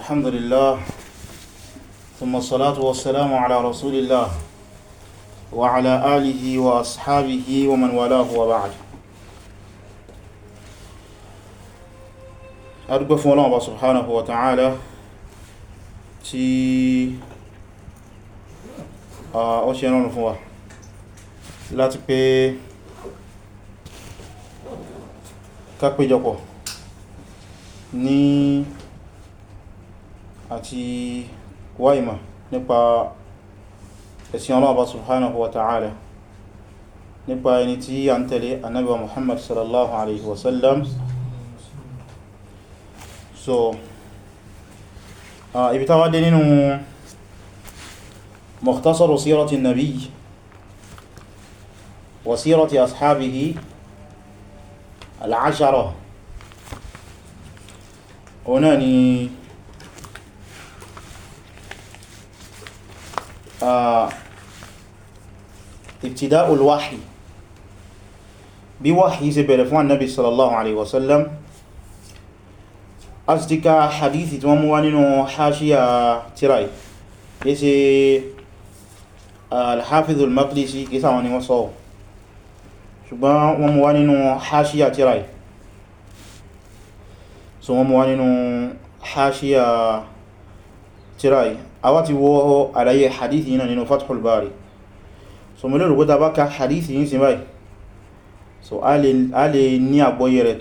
الحمد لله ثم الصلاة والسلام على رسول الله وعلى آله وأصحابه ومن والاه وبعد أرقف الله سبحانه وتعالى تي أشياء نفوة لا تبي كاكبي جوكو ni àti wá ìmọ̀ nípa ẹ̀sìn ọlọ́ọ̀bá subhanahu wa ta'ala nípa ẹni tí a ń tẹ̀lé annabi wa muhammad sallallahu alaihi wasallam so ibi táwà dé nínú mukhtasaru sírati nabi wa sírati ashabihi al'ashara ọ̀nà ni Ah, ibtida'ul wahyi bí wáhí ṣe bẹ̀rẹ̀ fún annabi sallallahu alaihi wasallam a sì ti ka hadithi tí wọ́n mú wá nínú hashiya tirai kìí ṣe ah, alhafizul maqdisi kìí sáwọn ni wọ́n sọ ṣùgbọ́n wọ́n mú wá nínú hashiya tirai so wọ́n mú wá nínú hashiya tirai àwa ti wọ àlàyé hadithi yìí náà nínú Fathul Bari so mo lérò gbọ́ta bá ka hadithi yìí sí báyìí so a lè ní àgbọ́yẹ̀ rẹ̀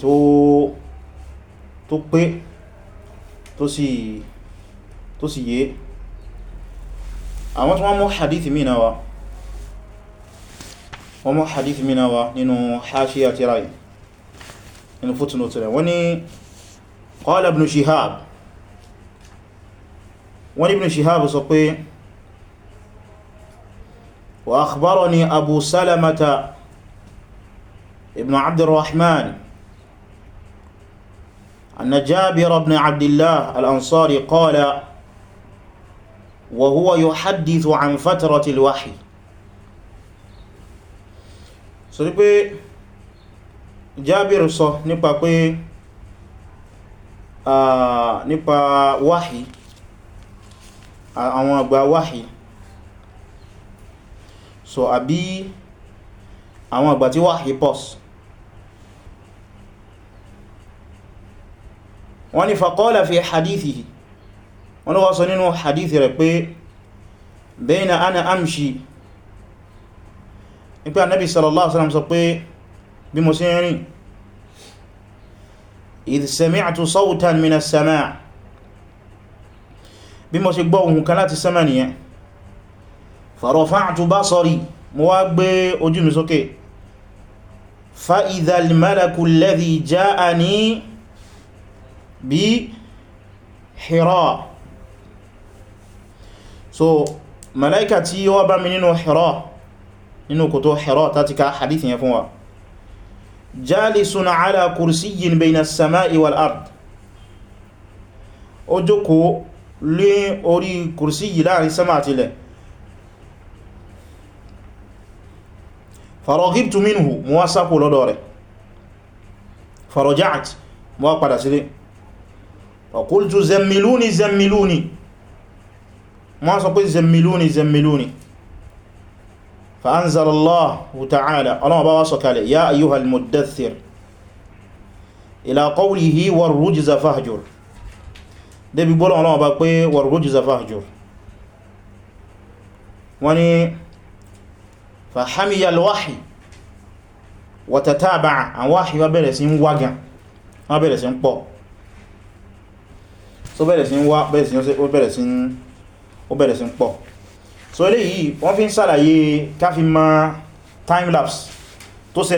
tó pé tó sì yé àwọn tí wọ́n mú hadithi mìíràn wá wọ́n mú hadithi mìíràn wá nínú hashiyya tírà yìí nínú footnote rẹ̀ wọ́n ní qala Shihab wọ́n ní Ibn Shihab sọ pé wa akhbarani Abu Salamata ibn Abdurrahman أن جابر بن عبد الله الأنصاري قال وهو يحدث عن فترة الوحي sọ ní pé Jábìr sọ nípa pé ah, nípa wáhìí àwọn àgbà wáhì so àbí àwọn àgbà tí wáhì pọ̀s wọ́n ní faqala fi hadithihi wọ́n lọ́wọ́ sọ nínú hadithi rẹ̀ pé bayna ana amshi ní pé sallallahu alaihi sọ pé bí mo ṣe rìn idh sami'tu sawtan minas bí mo ṣe gbọ́ ohun kan láti sánmà nìyẹn farafa'tu basari mo wá gbé ojú mi sókè fa idhal malaku alladhi ja'ani bi hira so malaika tí wá bá mi nínú hira nínú kòtò hira tàti ka hadith yẹn fún wa jalisun ala kursiyyin bayna as-sama'i wal lé orí kùrsí yìí láàrin sánmà àti ilẹ̀ faragibtu minhu mo wá sápò lọ́dọ̀ rẹ̀ faraja'at mo wá padà sílé wa qultu zammiluni zammiluni mo wá sọ pé zammiluni zammiluni fa anzalallahu ta'ala ọlọ́wọ́ bá wá sọ kalẹ̀ ya ayyuhal muddathir ila qawlihi war rujza fahjur débi gbọ́lọ̀ ọlọ́wọ́ bá pé wọ̀rọ̀gbójì zafájò wọ́n ni fàhàmìyà lọ́wàhì wàtàtàbà àwọn wáhì wá bẹ̀rẹ̀ sí ń wága wọ́n bẹ̀rẹ̀ sí ń pọ̀ so bẹ̀rẹ̀ sí ń wá bẹ̀rẹ̀ sí ń pọ̀ so eléyìí wọ́n fi ń ṣàlàyé káfí ma timelapse tó tó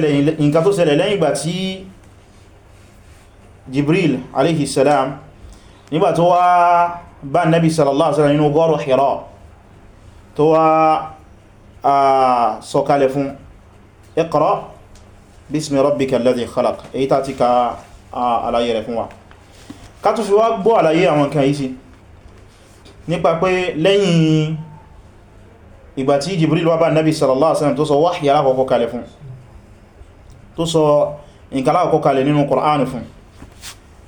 ṣẹlẹ̀ lẹ́yìn ìgbà tí Jibril alayhi salam nígbà tó wá bá nẹ́bí sallallahu alaihi wasallam nínú gọ́rù Hira tó wá sọkalẹ̀ fún Iqra bismi rabbika alladhi khalaq èyí tàti ka àlàyé rẹ̀ fún wa ká tó fi wá gbọ́ àlàyé àwọn kan yìí sí nípa pé lẹ́yìn ìgbà tí Jibril wá bá nẹ́bí sallallahu alaihi wasallam tó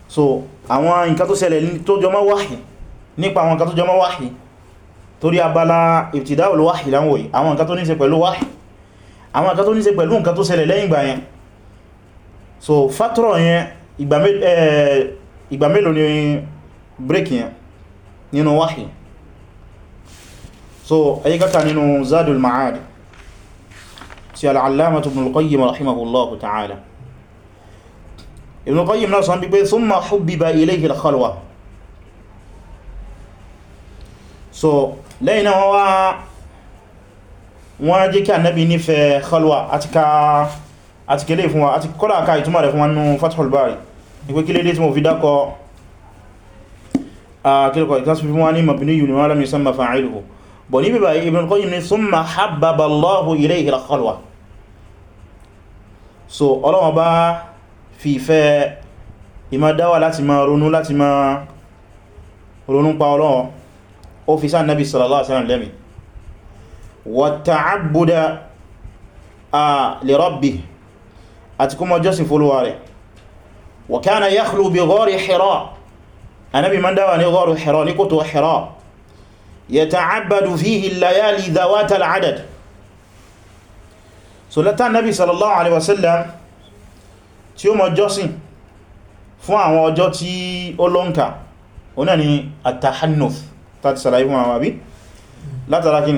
sọ àwọn nǹkan tó ṣẹlẹ̀ tó jọmọ́ wáhì nípa àwọn nǹkan tó jọmọ́ wáhì torí abala ibtidaul wáhì láwọ̀ yìí àwọn nǹkan tó níṣe pẹ̀lú wáhì àwọn nǹkan tó níṣe pẹ̀lú nǹkan tó ṣẹlẹ̀ lẹ́yìn ìgbà yẹn so fátọ́rọ̀ yẹn ìgbà mélòó ni break yẹn nínú so ayi kaka nínú zadul ma'ad ti al'allamatu ibn al-qayyim rahimahullahu ta'ala Ibn Qayyim náà sọ pé thumma hubbiba ilayhi al-khalwa so lẹ́yìn náà wá wọ́n jẹ́ kí annabi nífẹ́ khalwa àti kẹlẹ̀ fún wa àti kọ́lá ká ìtumọ̀ rẹ̀ fún wọn nú Fathul Bari ní pé kílé tí mo fi dákọ kílẹ̀kọ̀ ìkásí fún wọn ní mabini yìí wọn lámì sánmà fa'iluhu bọ̀ ní bíbá Ibn Qayyim ni so ọlọ́wọ́ bá fi ìfẹ́ ìmọ̀dáwà láti máa ronú láti máa ronú pa Ọlọ́run ó fi sáà nábi sallallahu alaihi wasallam lẹ́mí wa ta'abbuda li rabbi àti kó mọ́ jọ́sìn fólúwà rẹ̀ wa kana yakhlu bi ghari Hira anábi ma ní ghari Hira ní kòtò Hira sallallahu alaihi wasallam tí ó mọ jọ́sìn fún àwọn ọjọ́ tí ó lọ́nkà oná ni atahannuf tàti sàlàyé fún àwọn àbí látara kí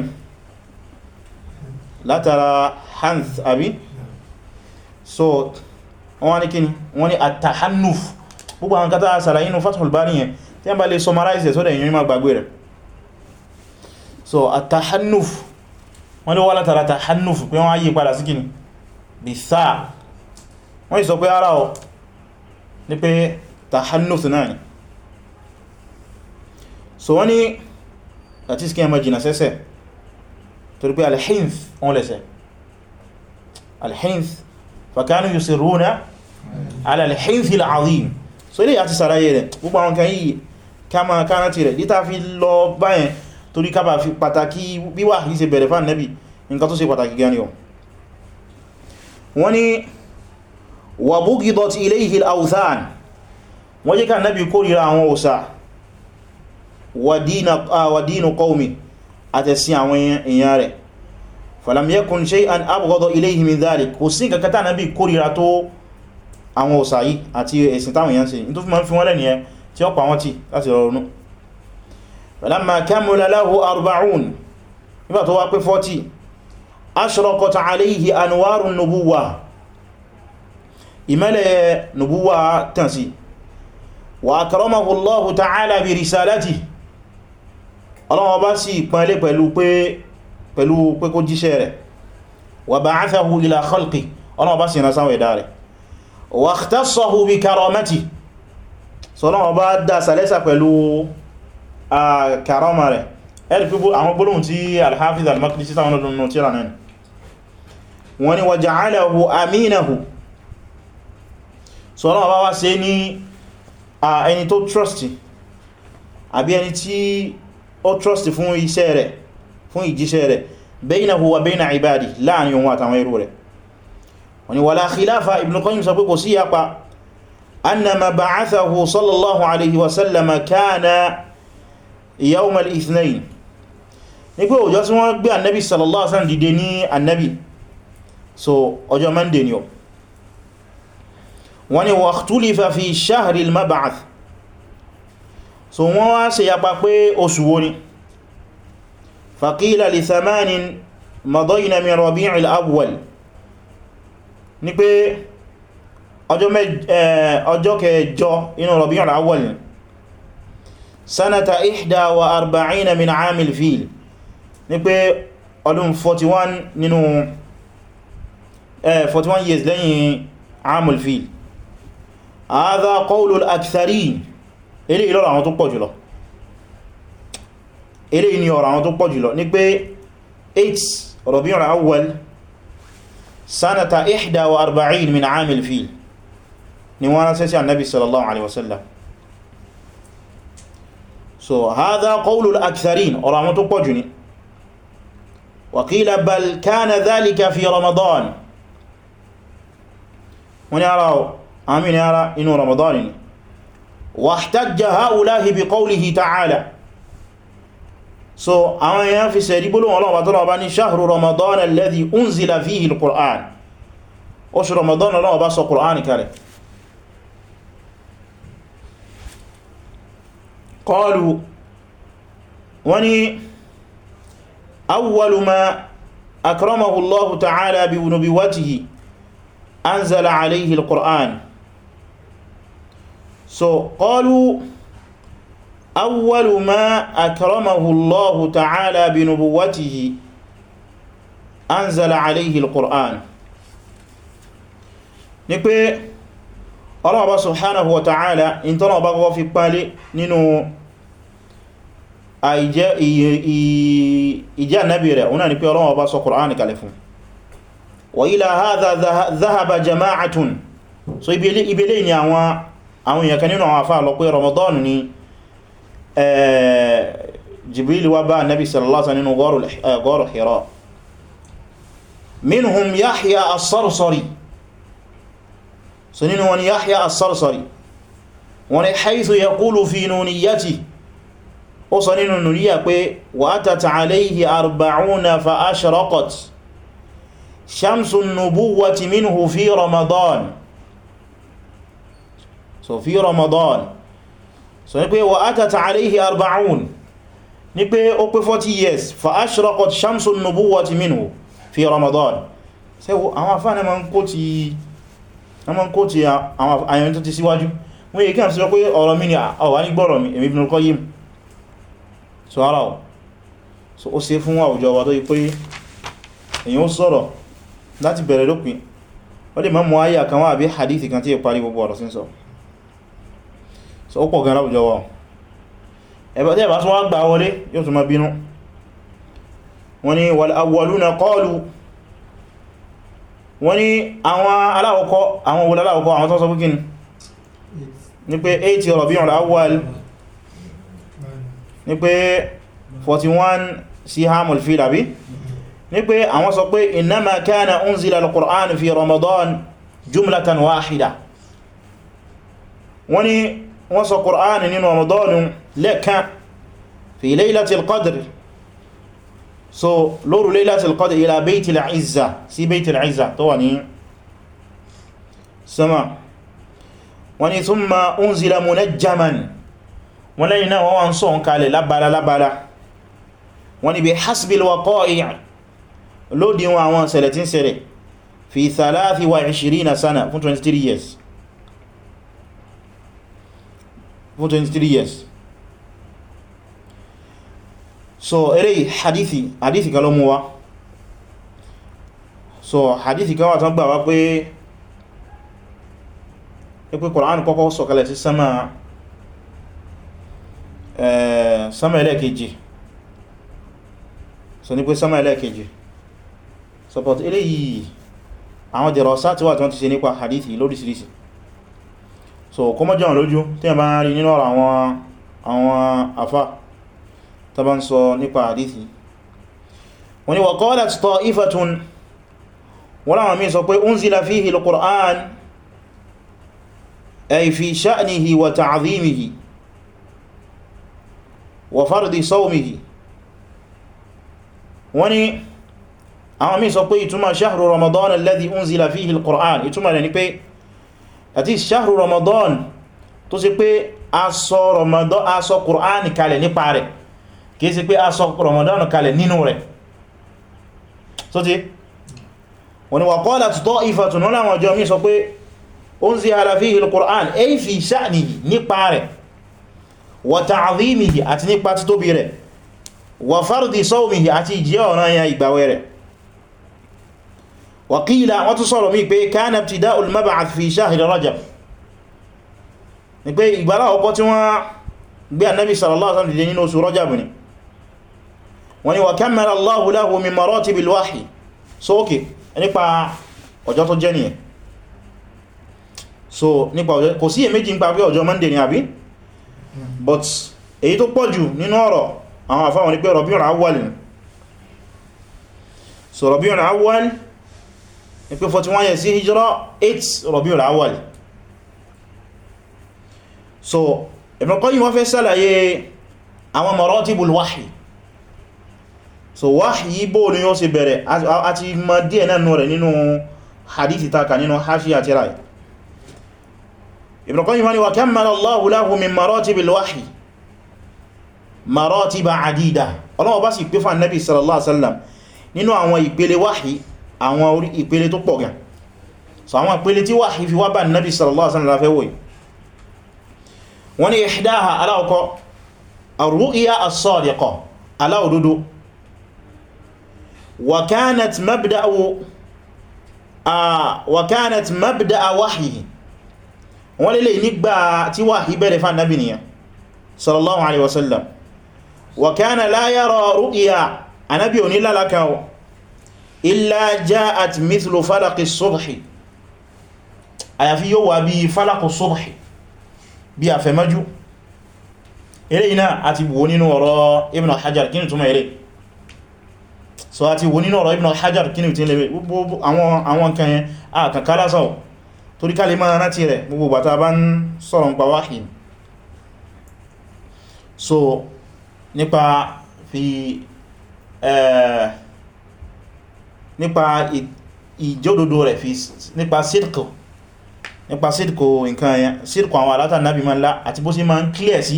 látara hanth àbí so wọ́n ni kí ni wọ́n ni atahannuf gbogbo àwọn kátà sàlàyé inú Fathul Bari yẹn tí wọ́n bá lè summarize sọ́dẹ̀ yìí ma gbàgbé rẹ̀ so atahannuf wọ́n ni wọ́n látara atahannuf pé wọ́n á yí padà sí kí ni bí wọ́n ìsọ pé ara ọ ní pé tahannuth náà ni so wọ́n ni àti iskí ẹmọ jìnà sẹ́sẹ̀ torí pé alhinth wọ́n lẹ́sẹ̀ alhinth fakanu yusirruna ala alhinth al'azim so ilé àti sàráyé rẹ̀ gbogbo àwọn kan yìí kama kánàtì rẹ̀ dítà fi lọ báyẹn torí kábà fi pàtàkì wíwà yìí ṣe bẹ̀rẹ̀ fà nẹ́bì nǹkan tó ṣe pàtàkì gan ni wọ́n ni wà bughidat ilayhi al-awthan wọ́n jẹ́ ká nábi kórìíra àwọn òsà wà dínú qawmin àtẹ̀sí àwọn èèyàn rẹ̀ falam yakun shay'an abghada ilayhi min dhalik kò sí kankan tá nábi kórìíra tó àwọn òsà yìí àti ẹ̀sìn táwọn èèyàn ṣe ìmẹ́lẹ̀ nùbúwà tàn sí wa akramahu Allahu ta'ala bi risalatihi Ọlọ́hun bá sì pánlé pẹ̀lú pé pẹ̀lú pé kó jíṣẹ́ rẹ̀ wa ba'athahu ila khalqi Ọlọ́hun bá sì rán sáwọn ẹ̀dá rẹ̀ wa ikhtassahu bi karamatihi sọ́lọ́wọ́ wa ja'alahu aminahu so Ọlọ́run bá wá ṣe ní ẹni tó trusty àbí ẹni tí ó trusty fún iṣẹ́ rẹ̀ fún ìjíṣẹ́ rẹ̀ bainahu wa baina ibadi láàrin òun àtàwọn ẹrú rẹ̀ wani wala khilafa Ibn Qayyim sọ pé kò sí yapa annama ba'athahu sallallahu alaihi wasallama kana yawm al-ithnain ní pé ọjọ́ tí wọ́n gbé annabi sallallahu alaihi wasallam dìde ní annabi so ọjọ́ monday ni o wọ́n ni wakhtulifa fi shahri al-mab'ath so wọ́n wá ṣe yapa pé oṣù wo ni faqila li thamanin madayna min rabi' al-awwal ní pé ọjọ́ kẹjọ inú rabi' al-awwal ni sanata ihda wa arba'ina min amil fil ní pé ọdún 41 nínú 41 years lẹ́yìn amil fil هذا قول الاكثرين اليه لو راهو تو بوجو لو اليه ني راهو تو بوجو لو نيبي 8 ربيع الاول سنه 41 من عام الفيل ني وانا سيسي النبي صلى الله عليه وسلم سو so, هذا قول الاكثرين راهو تو بوجو ني وقيل بل كان ذلك في رمضان وني راهو àmì ní e ara inú Ramadan ni wahtajja haulahi bi qawlihi ta'ala so àwọn èèyàn fi sẹ̀rí gbólóhùn Ọlọ́run tó lọ́wọ́ bá ní shahru Ramadan alladhi unzila fihi al-Qur'an oṣù Ramadan Ọlọ́run bá sọ Qur'an kalẹ̀ qalu wọ́n ni awwalu akramahu Allahu ta'ala bi nubuwwatihi anzala alayhi al so qalu awwalu ma akramahu Allahu ta'ala bi nubuwwatihi anzala alayhi al-Qur'an ní pé Ọlọ́run Ọba subhanahu wa ta'ala in tọ́nà ọba gọ́gọ́ fi pálé nínú ìjẹ́ annabi rẹ̀ wọ́n ni pé Ọlọ́run Ọba sọ Qur'an kalẹ̀ fún wa ila hadha dhahaba jama'atun so ibele ni àwọn àwọn èèyàn kan nínú àwọn àfáà lọ pé Ramadan ni eh, Jibril wá bá Nabi sallallahu alaihi wasallam nínú gọ́rù eh, Hira minhum Yahya as-Sarsari so nínú wọn Yahya as-Sarsari wọn ni haythu yaqulu fi nuniyati ó sọ nínú nùníyà pé wa atat alayhi arba'una fa ashraqat shamsu nubuwati minhu fi Ramadan so fi Ramadan so ní pé wa atata alayhi arba'un ní pé ó pé 40 years fa ashraqat shamsu nubuwati minhu fi Ramadan ṣé àwọn afáàní ma ń kó ti àwọn àyàn tó ti síwájú wọ́n yìí kí à ń sọ pé ọ̀rọ̀ mi ni àwà ní gbọ́rọ̀ mi èmi Ibn al-Qayyim so ara ọ̀ so ó ṣe fún àwùjọ wa tó yí pé èyàn ó sọ̀rọ̀ láti bẹ̀rẹ̀ lópin wọ́n lè mọ́ mọ́ ayà kan àbí hadithi kan tí è parí gbogbo ọ̀rọ̀ sí so ó pọ̀ gan láwùjọ wa ẹ̀bẹ̀ tí ẹ̀bá tún wá gbà wọlé yóò tún ma bínú wọ́n ni wal awwaluna qalu wọ́n ni àwọn aláwọ̀kọ́ àwọn òwúlẹ̀ aláwọ̀kọ́ àwọn tọ́sọ fún ní pé 8 Rabi'ul Awwal ní pé 41 Sihamul Fil àbí ní pé àwọn sọ pé innama kana unzila al-Qur'an fi Ramadan jumlatan wahida wọ́n ni wọ́n sọ Qur'ani nínú Ramadan lẹ́ẹ̀kan fi Laylatil Qadr so lóru Laylatil Qadr ila Baitil Izza sí Baitil Izza tó wà ní sama wọ́n ni thumma unzila munajjaman wọ́n lẹ́yìn náà wọ́n sọ ń kalẹ̀ lábala lábala wọ́n ni bi hasbil waqa'i' lódí 23 years fún 23 years so eré hadithi hadithi kan ló mú wá so hadithi kan wà tán gbà wá pé pé Kùránì kọ́kọ́ sọ̀kalẹ̀ sí sánmà eh, sánmà ẹlẹ́ẹ̀kejì so ní pé sánmà ẹlẹ́ẹ̀kejì so but eléyìí àwọn dẹ̀rọ̀ sáà tí wà tán ti ṣe nípa hadithi lóríṣìíríṣìí so kó mọ́ jẹun lójú tí yẹn bá rí nínú ọ̀rọ̀ àwọn àwọn afá tó bá ń sọ nípa àdíthì wọ́n ni wa qalat ta'ifatun wọ́n láwọn míì sọ pé unzila fihi al-Qur'an ay fi sha'nihi wa ta'zimihi wa fardi sawmihi wọ́n ni àwọn míì sọ pé ìtumọ̀ shahru Ramadan alladhi unzila fihi al-Qur'an ìtumọ̀ rẹ̀ ni pé àti ṣáhù Ramadan tó sì pé aṣọ Ramadan aṣọ Qur'an kalẹ̀ nípa rẹ̀ kìí sí pé aṣọ Ramadan kalẹ̀ nínú rẹ̀ so ti wọ́n ni wà qālat ṭā'ifatun wọ́n láwọn ọjọ́ mi sọ pé unzila fīhi al-Qur'an ay fī sha'nihi nípa rẹ̀ wa ta'dhīmihi àti nípa títóbi rẹ̀ wa farḍi ṣawmihi àti ìjẹ́ ọ̀ranyàn ìgbàwẹ̀ rẹ̀ wàkílá wọ́n tún sọ̀rọ̀ mí pé kánà ti dá olùmọ́bàáth fi shahri rajab ni pé ìgbàlá ọkọ̀ tí wọ́n gbé annabi sallallahu alaihi wasallam nínú oṣù rajab ni wọ́n ni wà kammala Allahu lahu min maratibil wahyi sókè nípa ọjọ́ tó jẹ́ nìyẹn so nípa ọjọ́ kò sí èméjì ń pa but èyí tó pọ̀ nínú ọ̀rọ̀ àwọn àfáwọn ni pé Rabiul Awwal so Rabiul Awwal ní pé 41 years sí hijira 8 Rabiul Awwal so Ibn Qayyim wọ́n fẹ́ sálàyé àwọn maratibul wahyi so wahyi bó ní yóò ṣe bẹ̀rẹ̀ àti mọ̀ díẹ̀ nánú rẹ̀ nínú hadithi taka nínú hashi àti rai Ibn Qayyim wani wa kammala Allahu lahu min maratibil àwọn ìpele tó pọ̀ gan so àwọn ìpele tí wà fi wá bá nabi sallallahu alaihi wasallam fẹ́ wòye wọ́n ni ihdaha aláwọ̀kọ́ arru'iya as-sadiqa aláwọ̀dúdú wa kanat mabda'u wa kanat mabda'a wahyihi wọ́n lè lè nígbà tí wahyi bẹ̀rẹ̀ fún nabi nìyàn sallallahu alaihi wasallam wa kana la yara ru'ya anabi onílálàkàwọ̀ illa ja'at mithlu falaki subhi àyàfi yóò wà bí falaki subhi bí àfẹ́mọ́jú eré iná àti wò nínú ọ̀rọ̀ ibn al-hajar kí ni túnmọ̀ eré so àti wò nínú ọ̀rọ̀ ibn al-hajar kí ni tí lè gbogbo àwọn nǹkan yẹn àkàkà lásọ̀ torí nípa fi ẹ̀ẹ́ eh, nípa ìjódodo rẹ̀ fi nípa sídkù nípa sídkù nǹkan ẹ̀yà sídkù àwọn alátà náàbì ma ńlá àti bó sí ma ń clear sí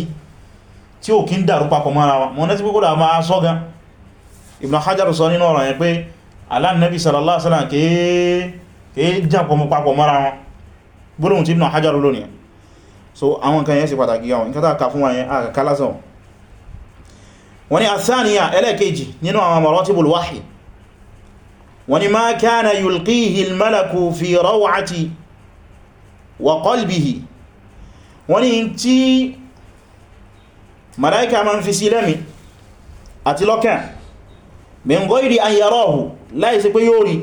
tí ò kí ń dàrú papọ̀ mọ́ra wọn mọ́ nẹ́tí pípọ́dà máa sọ́gán Ibn Hajar sọ nínú ọ̀rọ̀ yẹn pé alánàbì sallallahu alaihi wasallam kèé jàpọ̀ mọ́ papọ̀ mọ́ra wọn gbólóhùn tí Ibn Hajar lónìí so àwọn nǹkan yẹn ni àsáníyà ẹlẹ́ẹ̀kejì nínú wọ́n ni ma kana yulqihi al-malaku fi raw'ati wa qalbihi wọ́n ni tí màláíkà ma ń fi sí lẹ́mi àti lọ́kàn min ghayri an yarahu láìsí pé yóò rí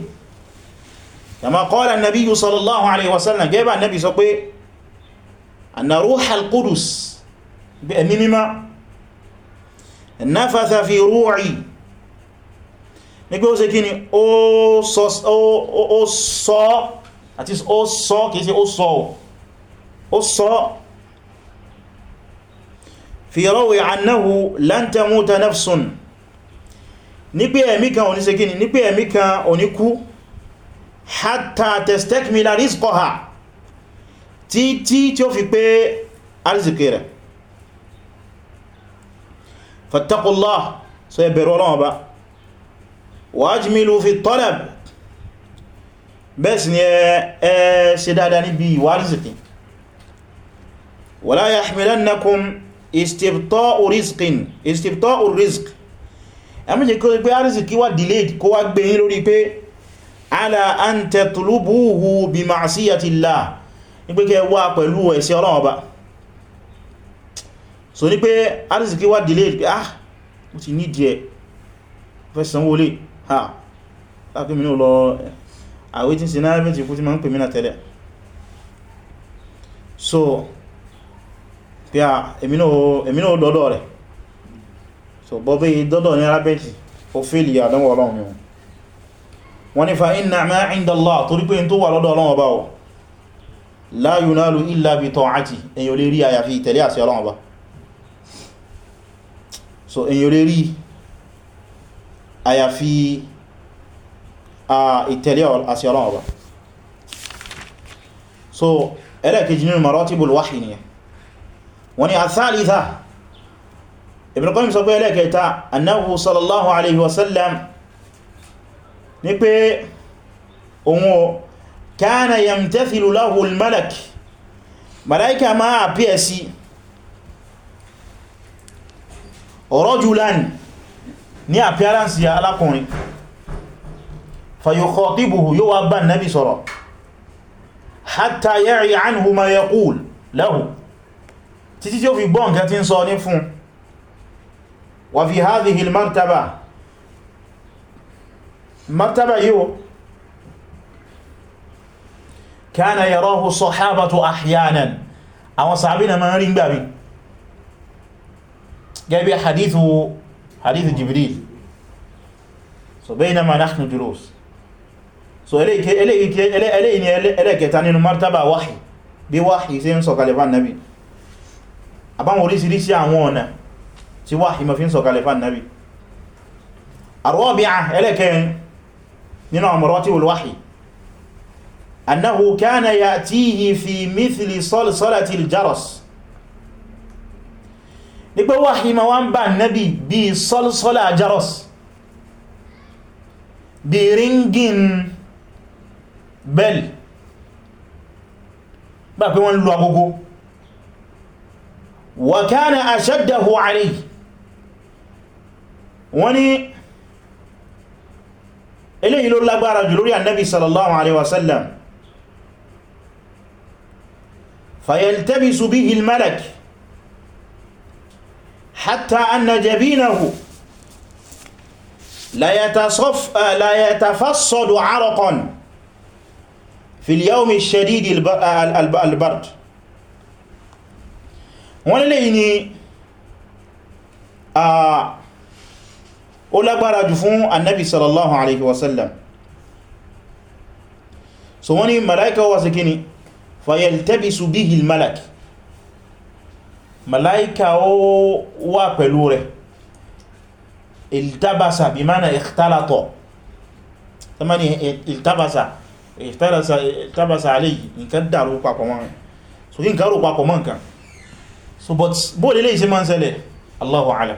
kama qala an-nabiyyu sallallahu alaihi wasallam gẹ́bà nabi sọ pé anna ruha al mímá nafatha fi ru'i ní pé ó ṣe kí ni ó sọ àti ó sọ kìí ṣe ó sọ ó sọ fi rawi annahu lan tamuta nafsun ní pé ẹ̀mí kan òní ṣe kí ni ní pé ẹ̀mí kan òní kú hatta tastakmila rizqaha tí tí tí ó fi pé arziki rẹ̀ fattaqullah so ẹ̀bẹ̀rọ ọlọ́wọ́ ba wa ajmilu fi talab bẹ́ẹ̀ sì ni ẹ ṣe dáadáa níbi ìwárìsìkì wala yahmilannakum istibta'u rizqin istibta'u rizq ẹmọ́jẹ́ kí ó pé arziki wà delayed kó wá gbé yín lórí pé ala an tatlubuhu bi ma'siyatillah ní pé kẹ wá pẹ̀lú ẹ̀ṣẹ̀ Ọlọ́run Ọba so ní pé arziki wà delayed pé ah mo ti ní díẹ̀ fẹ́ sanwó lè ha láti mi ní lọ àwé tí sí náà mẹ́tì fún tí ma ń so pé à èmi náà dọ́dọ̀ rẹ̀ so bọ́bí dọ́dọ̀ ní arábẹ́tì ó fèlì àdánwò ọlọ́run ni wọ́n ni fa inna ma inda Allah torí pé tó wà lọ́dọ̀ ọlọ́run ọba o la yunalu illa bi ta'ati èyàn lè rí àyàfi ìtẹ̀lé àṣẹ ọlọ́run ọba so èyàn lè rí àyàfi ìtẹ̀lé àṣẹ Ọlọ́run Ọba so ẹlẹ́kejì nínú maratibul wahyi ni wọ́n ni athalitha Ibn Qayyim sọ pé ẹlẹ́kẹta annahu sallallahu alaihi wasallam ni pé ohun o kana yamtathilu lahu al-malak malaika ma appear sí rajulan ní appearance ya alákùnrin fayukhatibuhu yóò wá bá nábi sọ̀rọ̀ hatta ya'i anhu ma yaqul lahu títí tí ó fi gbọ́ nǹkan tí ń sọ ní fún wa fi hadhihi al-martaba martaba yíò kana yarahu sahabatu ahyanan àwọn sàábí na gbàmí gẹ́gẹ́ hadithu hadith jibril so baynama nahnu julus so eléyìí ni ẹlẹ́kẹta nínú martaba wáhì bí wáhì sí ń sọ̀kalẹ̀ fún annabi àbáwọn orísìírísìí àwọn ọ̀nà tí wáhì ma fi ń sọ̀kalẹ̀ fún annabi àrọ́bíà ẹlẹ́kẹrin nínú àmọ́rọ́tí olwáhì annahu kana ya'tihi fi mithli salsalatil jaras ní pé wáhí ma wá ń bá nẹ́bì bí sọ́lọ́sọ́lọ́ àjárọ́s bí ríngin bell bá pé wọ́n lù agogo wà kánà ashaddahu alayhi wọ́n ni eléyìí ló lágbára jù lórí annabi sallallahu alaihi wasallam fayaltabisu bihi al-malak حتى أن جبينه لا, يتصف لا يتفصد عرقا في اليوم الشديد البرد wọ́n lè ní ó lágbára jù fún annabi sallallahu alaihi wasallam so wọ́n ni malaika wasa kini fayaltabisu bihi al-malak màláíkà ó wà pẹ̀lú rẹ̀ iltabasa bí mana ikhtalatọ̀ tó má ní iltabasa iltabasa aléyìí nǹkan dàrú papọ̀ mọ́ so yí nǹkan rò papọ̀ mọ́ nǹkan so but bó lè lè ṣe máa ń ṣẹlẹ̀ Allahu alam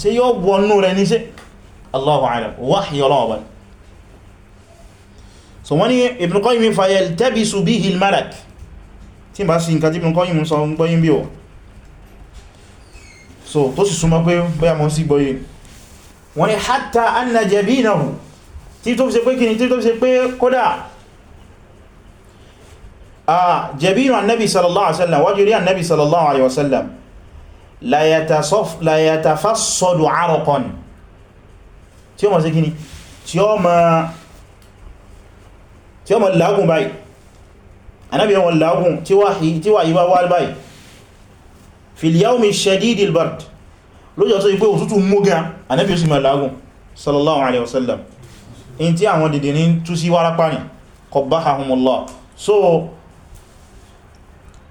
ṣe yóò wọnú rẹ̀ ní ṣe Allahu alam wáhí ọlọ́ọ̀bá so wọ́n Ibn Qayyim fa yaltabisu bihi al-malak tí bá sí nǹkan tí bí nǹkan yìí mú sọ gbọ́yìn bí o so tó sì súnmọ́ pé bóyá mọ́ sí gbọ́yìn wọ́n ni hatta anna jabinahu tí tó fi ṣe pé kí ni tí tó fi ṣe pé kódà a jabinu annabi sallallahu alaihi wasallam wájú rí sallallahu alaihi wasallam la yatafassadu arqan tí ó mọ̀ sí kí ni tí anábì wọn lágùn tí wà yíwá wà báyìí fil yawmi shadidil bard lójọ́ tó ipé òtútù mógá anábì ó sì mọ̀ lágùn sallallahu alaihi wasallam in tí àwọn dìdì ní tú sí wárápá ní qabbahahumullah so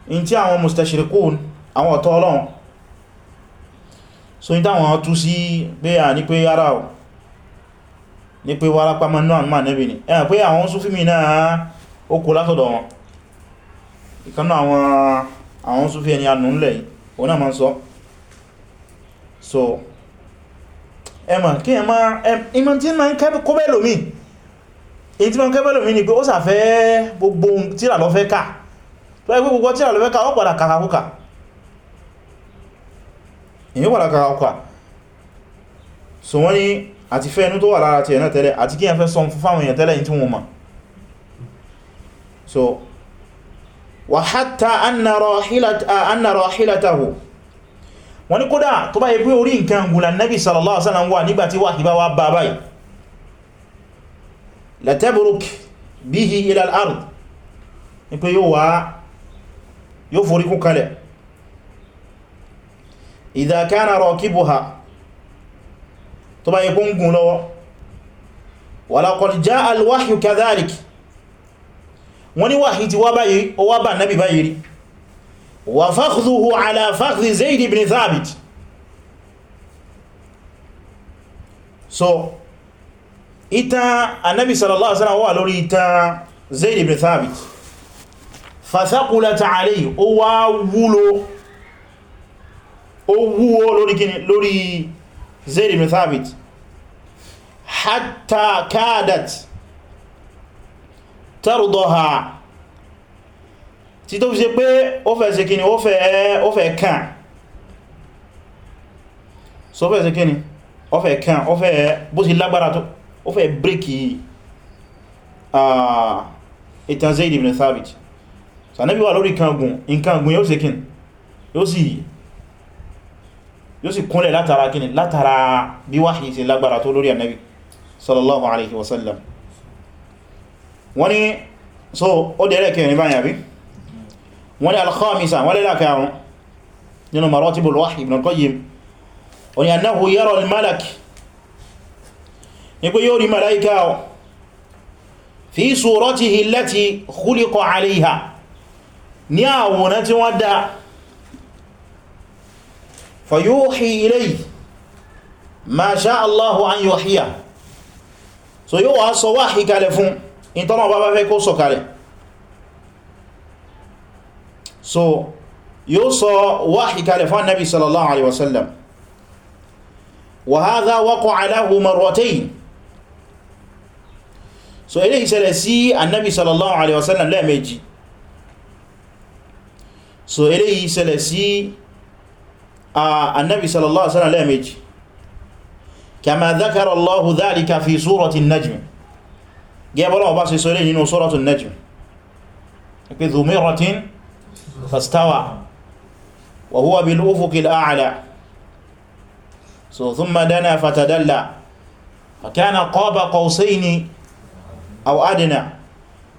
in tí àwọn mustashirikun àwọn ọ̀tọ́ ọlọ́run so in táwọn tú sí pé à ní pé ara ọ̀ ní pé wárápá mọ́ náà mọ́ anábì ni ẹ̀ pé àwọn súnfí mi náà ó kò látọ̀dọ̀ wọn ìkanná àwọn àwọn súnfí ẹni anù ńlẹ̀ òun náà ma ń sọ so ẹmà kí ẹ ma ìmọ̀ tí ma ń kọ́bẹ̀ lómi èyí tí ma ń kọ́bẹ̀ lómi ni pé ó sàfẹ́ gbogbo tíra lọ fẹ́ ká tó ẹgbẹ́ gbogbo tíra lọ fẹ́ ká ó padà kàkàkùkà èyí padà kàkàkùkà so wọ́n ni àti fẹ́ inú tó wà lára ti ẹ̀ náà tẹ́lẹ̀ àti kí ẹ fẹ́ sọ fún fáwọn èèyàn tẹ́lẹ̀ yìí tí wọ́n mọ̀ so wà hátà anna rahilatahu wọ́n ní kódà tó bá yẹ pé orí nǹkan gùn lànàbí sallallahu alaihi wasallam wà nígbàtí wà kí bá wá bá báyìí latabruk bihi ila al-ard ní pé yóò wá yóò forí kún kalẹ̀ idha kana wọ́n ní wáhí ti wá bá nábi báyìí rí wà fakhdhuhu ala fakhdhi Zayd Thabit so ìtàn annabi sallallahu alaihi wasallam wà lórí ìtàn Zayd ibn Thabit fathaqulat alayhi ó wá wúlò ó wúwo lórí gini lórí Zayd ibn Thabit hatta kadat tẹ́rùdọ́ha tí tó fi ṣe pé ó fẹ́ ṣe kíni ó fẹ́ kàn so fẹ́ ṣe kíni ó fẹ́ kàn ó fẹ́ bó sì lágbára tó ó fẹ́ bríkì ìtàn Zayd ibn Thabit sànẹ́bí wà lórí kangun nkangun yóò ṣe kíni yóò sì kúnlẹ̀ látara kíni látara bí wáhìí ṣe lágbára tó lórí Ànábì sallallahu alaihi wasallam wọ́n ni so ó dẹ̀rẹ̀ kẹrin báyìí àbí wọ́n ni al-khamisa wọ́n lẹ́lá kẹrún nínú maratibul wahyi ibn al-qayyim wọ́n ni annahu yara al-malak ni pé yóò rí malaika ọ fi suratihi allati khuliqa alayha ní àwòrán tí wọ́n dá so yóò wá sọ wáhì kalẹ̀ fún ìtọ́nà bá bá fẹ́ kó sọ̀kalẹ̀ so yóò sọ wáhì kalẹ̀ fún annabi sallallahu alaihi wasallam wa hadha waqa'a lahu marratayn so ilé ìṣẹ̀lẹ̀ sí annabi sallallahu alaihi wasallam lẹ́ẹ̀mejì so ilé ìṣẹ̀lẹ̀ sí annabi sallallahu alaihi wasallam lẹ́ẹ̀mejì kama dhakara Allahu dhalika fi surati an gẹ́bọ́lọ́ ọba sí sọ́lé nínú sọ́rọ̀tù najm pé rọtín fastawa wa huwa bil ufuqil láàrẹ so ma dana fatadalla فكان قاب قوسين أو أدنى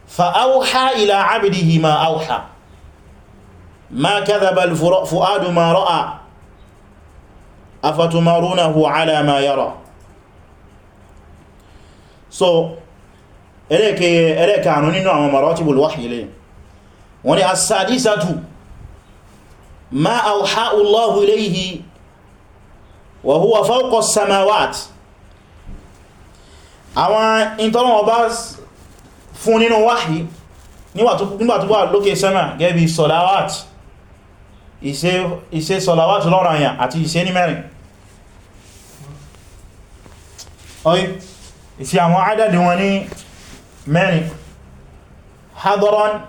فأوحى إلى عبده ما أوحى ما كذب الفؤاد ما رأى أفتمارونه على ma yara so ẹlẹ́ẹ̀kẹ́ àrùn nínú àwọn maratibul wahyi lè wọ́n ni as-sadisatu ma awha Allahu ilayhi wa huwa fawqa as-samawat àwọn ìtọ́lọ̀wọ̀ bá fún nínú wáhì nígbà tó bá lókè sẹ́mà gẹ́bí sọ̀láwàt ìṣe sọ̀láwàt lọ́ranyàn àti ìṣe ní mẹ́rin ọ̀yí ìfi àwọn àdàdì wọn ní mẹ́rin hadaron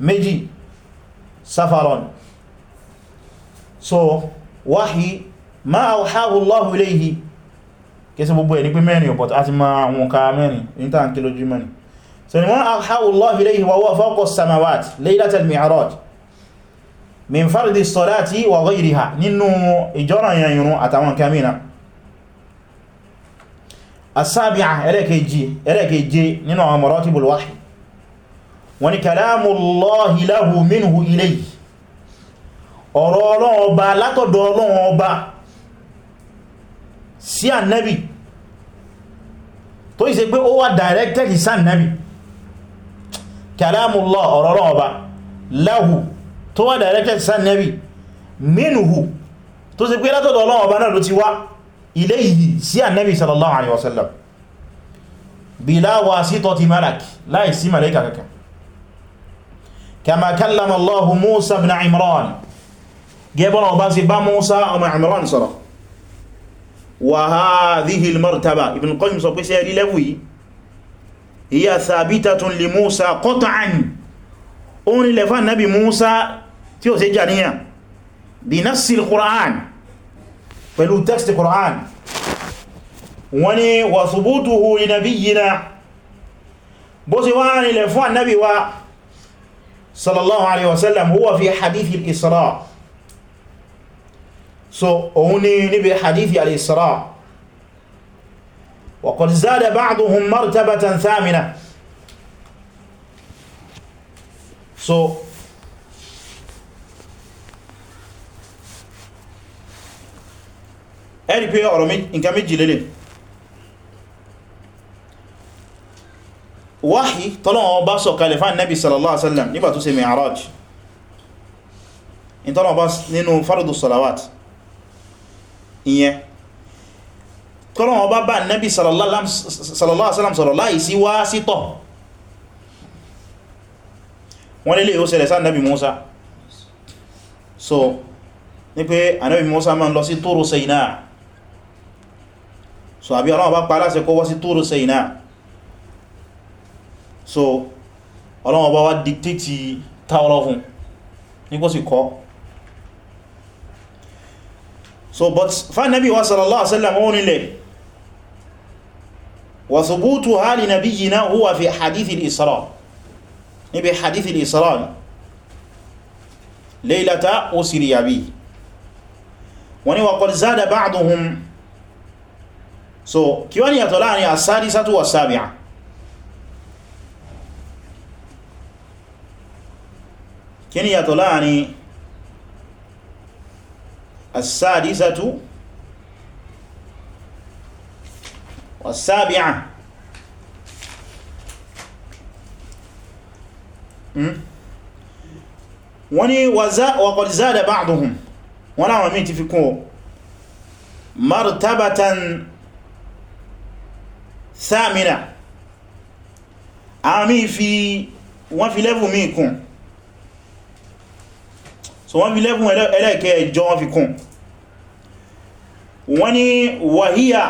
méjì safaron so wáhí ma awhahu Allahu ilayhi kése gbogbo ẹ̀ ní pé mẹ́rin ọ̀pọ̀ tí a ti máa àwọn ọ̀ká mẹ́rin ní tàn kí lójú mẹ́rin so ni ma awhahu Allahu ilayhi wa huwa samawat laylatal mi'raj min fardi salati wa ghayriha nínú ìjọ́ràn yanyinu àtàwọn kamina asábíà ẹlẹ́keje nínú àwọn maratibul wahyi wọ́n ni kalamullahi lahu minhu ilayhi ọ̀rọ̀ ọlọ́run ọba látọ̀dọ̀ ọlọ́run ọba sí ànábì tó ìse pé ó wà directed sí ànábì kalamullah ọ̀rọ̀ ọlọ́run ọba lahu tó wà directed sí ànábì minhu tó ṣe pé látọ̀dọ̀ ọlọ́run ọba náà ló ti wá ilayhi sí annabi sallallahu alaihi wasallam bila wasitati malak láì sí malaika kankan kama kallama allahu musa ibn imran gẹ́bọ́n ọba sí bá musa ọmọ imran sọ̀rọ̀ wa hadhihi al-martaba ibn qayyim sọ pé sẹ́rí lẹ́wù yìí hiya thabitatun li musa qat'an ó ní lẹ́fà nabi musa tí ó sì jàníyà bi nassil qur'an pẹ̀lú text Qur'an wọ́n ni wa thubutuhu li nabiyyina bó ṣe wá nílẹ̀ fún annabi wa sallallahu alaihi wasallam huwa fi hadithi al-isra so òun ni níbi hadithi al-isra wa qad zada ba'duhum martabatan thamina so ẹ̀rí pé ọ̀rọ̀ nǹkan méjì lélẹ̀ wáhí tọ́lọ́wọ́ bá sọ̀kalẹ̀ fún Ànábì sallallahu alaihi wasallam nígbà tó ṣe mi'raj ìtọ́lọ́wọ́ bá nínú fardu salawat ìyẹn tọ́lọ́wọ́ bá bá Ànábì sallallahu alaihi wasallam sọ̀rọ̀ láì sí wá sí tọ̀ wọ́n lélẹ̀ ó ṣẹlẹ̀ sí Ànábì Musa so ní pé Ànábì Musa máa ń lọ sí Turu Sinai so àbí ọlọ́wọ́ bá pa aláṣẹ kó wọ́ sí Turu Sinai so ọlọ́wọ́ bá wá dictate Taura fún nípò sí kọ́ so but fánàbí wa sallallahu alaihi ó nílẹ̀ wa thubutuha li nabiyyina huwa fi hadithil Isra níbi hadithil ni bi wani wa so kí wá ní yàtọ̀ láàrin as-sadisatu was-sabi'a kí ni yàtọ̀ láàrin as-sadisatu laarin as wọ́n ni wa qad zada ba'duhum wọ́n láwọn mí ti fi kún martabatan sáàmìnà àwọn míì fi wọ́n fi lẹ́bùn míì kùn so wọ́n fi lẹ́bùn ẹlẹ́ẹ̀kẹ́ ẹjọ́ wọ́n fi kùn wọ́n ni wàhíyà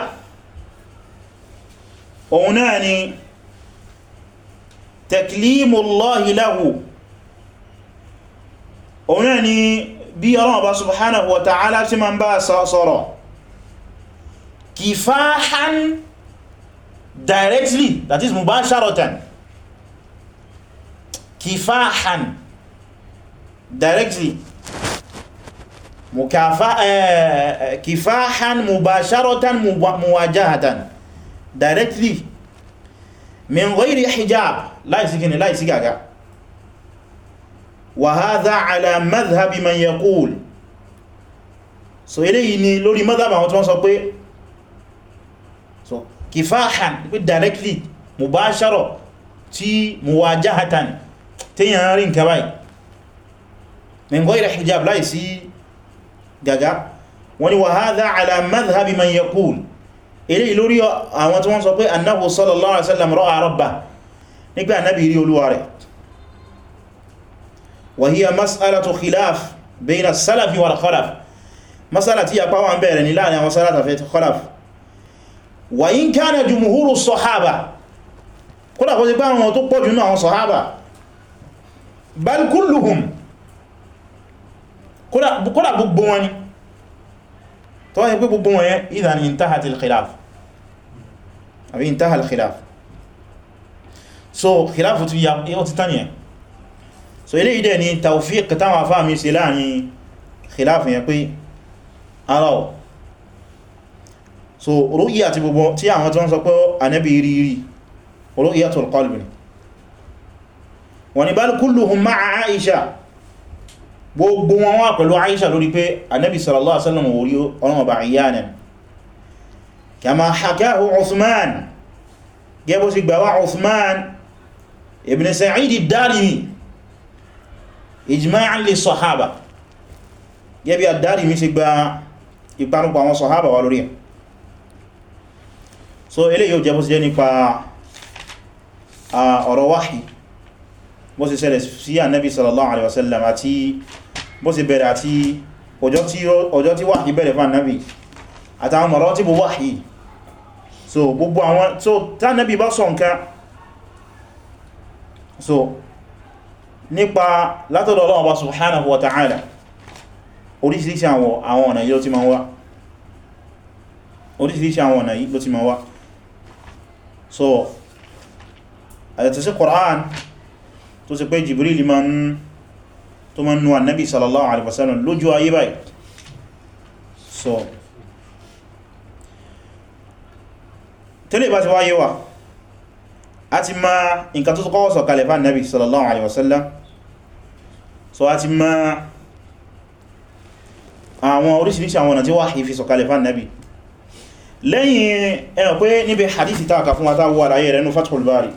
òun náà ni taklimullahi lahu òun náà ni bí ọlọ́wọ́ bá subhanahu wa ta'ala tí ma ń bá sọ́rọ̀ kìfáhán directly that is mubasharatan kifahan directly mukafa uh, kifahan mubasharatan muwajahatan directly min ghairi hijab láìsí gini láìsí gàgá wa hadha ala madhhabi man yaqul so eléyìí ni lórí madhhab àwọn tí wọ́n sọ so kìfáhàn pé directly mubasharo tí muwajahatan téèyàn rí nǹkan báyìí min ghayri hijab láì sí gàgá wọ́n ni wa hadha ala madhhabi man yaqul ilé ìlórí àwọn tí wọ́n sọ pé annahu sallallahu alaihi wasallam ra'a rabbah nígbà nábi rí olúwa rẹ̀ wa hiya mas'alatu khilaf bayna as-salaf wal khalaf mas'alati wa in kana jumhuru sọ̀hábà kódà kó sí bá àwọn tó pọ̀jù náà àwọn sọ̀hábà bal kulluhum kódà gbogbo wọn ni tó wáyé pé gbogbo wọn yẹn idhan intahat al-khilaf àbí so khilafu ti ya ti so ilé ìdẹ̀ ni tawfiq táwọn afáàmì sí láàrin khilafu yẹn pé ara so ru'ya àti gbogbo tí àwọn tí wọ́n sọ pé ànábì rí rí ru'yatul qalbi ni wọ́n ni bal kulluhum ma'a Aisha gbogbo wọn wà pẹ̀lú Aisha lórí pé ànábì sallallahu alaihi wasallam orí ọlọ́mọ̀ bá ìyá kama hakahu Uthman gẹ́bọ́ sí gbàwà Uthman ibn Sa'id ad-Darimi ijma'an li sahaba gẹ́bí ad-Darimi sí gba ìparúpa àwọn sahaba wà lórí so eléyìí ó jẹ́ bó sì jẹ́ nípa ọ̀rọ̀ wáhì bó sì ṣẹlẹ̀ sí ànábì sallallahu alaihi wasallam àti bó sì bẹ̀rẹ̀ àti ọjọ́ tí wáhì bẹ̀rẹ̀ fún ànábì àtàwọn mọ̀rọ̀ tí bó wáhì so gbogbo àwọn so tánàbì bá sọ nǹkan so nípa látọ̀dọ̀ Ọlọ́run Ọba subhanahu wa ta'ala oríṣiríṣi àwọn ọ̀nà yìí ló ti ma wá so àyàtọ̀ sí Qur'an tó sì pé Jibril ma ń tó ma ń nú annabi sallallahu alaihi wasallam lójú ayé báyìí so tẹ́lẹ̀ bá ti wá yíwa a ti ma nǹkan tó kọ́wọ́ sọ̀kalẹ̀ fún annabi sallallahu alaihi wasallam so a ti ma àwọn orísìírísìí àwọn ọ̀nà tí wáhì fi sọ̀kalẹ̀ annabi lẹ́yìn ẹ̀rọ pé níbi hadithi ta kà fún wa táwọn àlàyé rẹ̀ ní Fathul Bari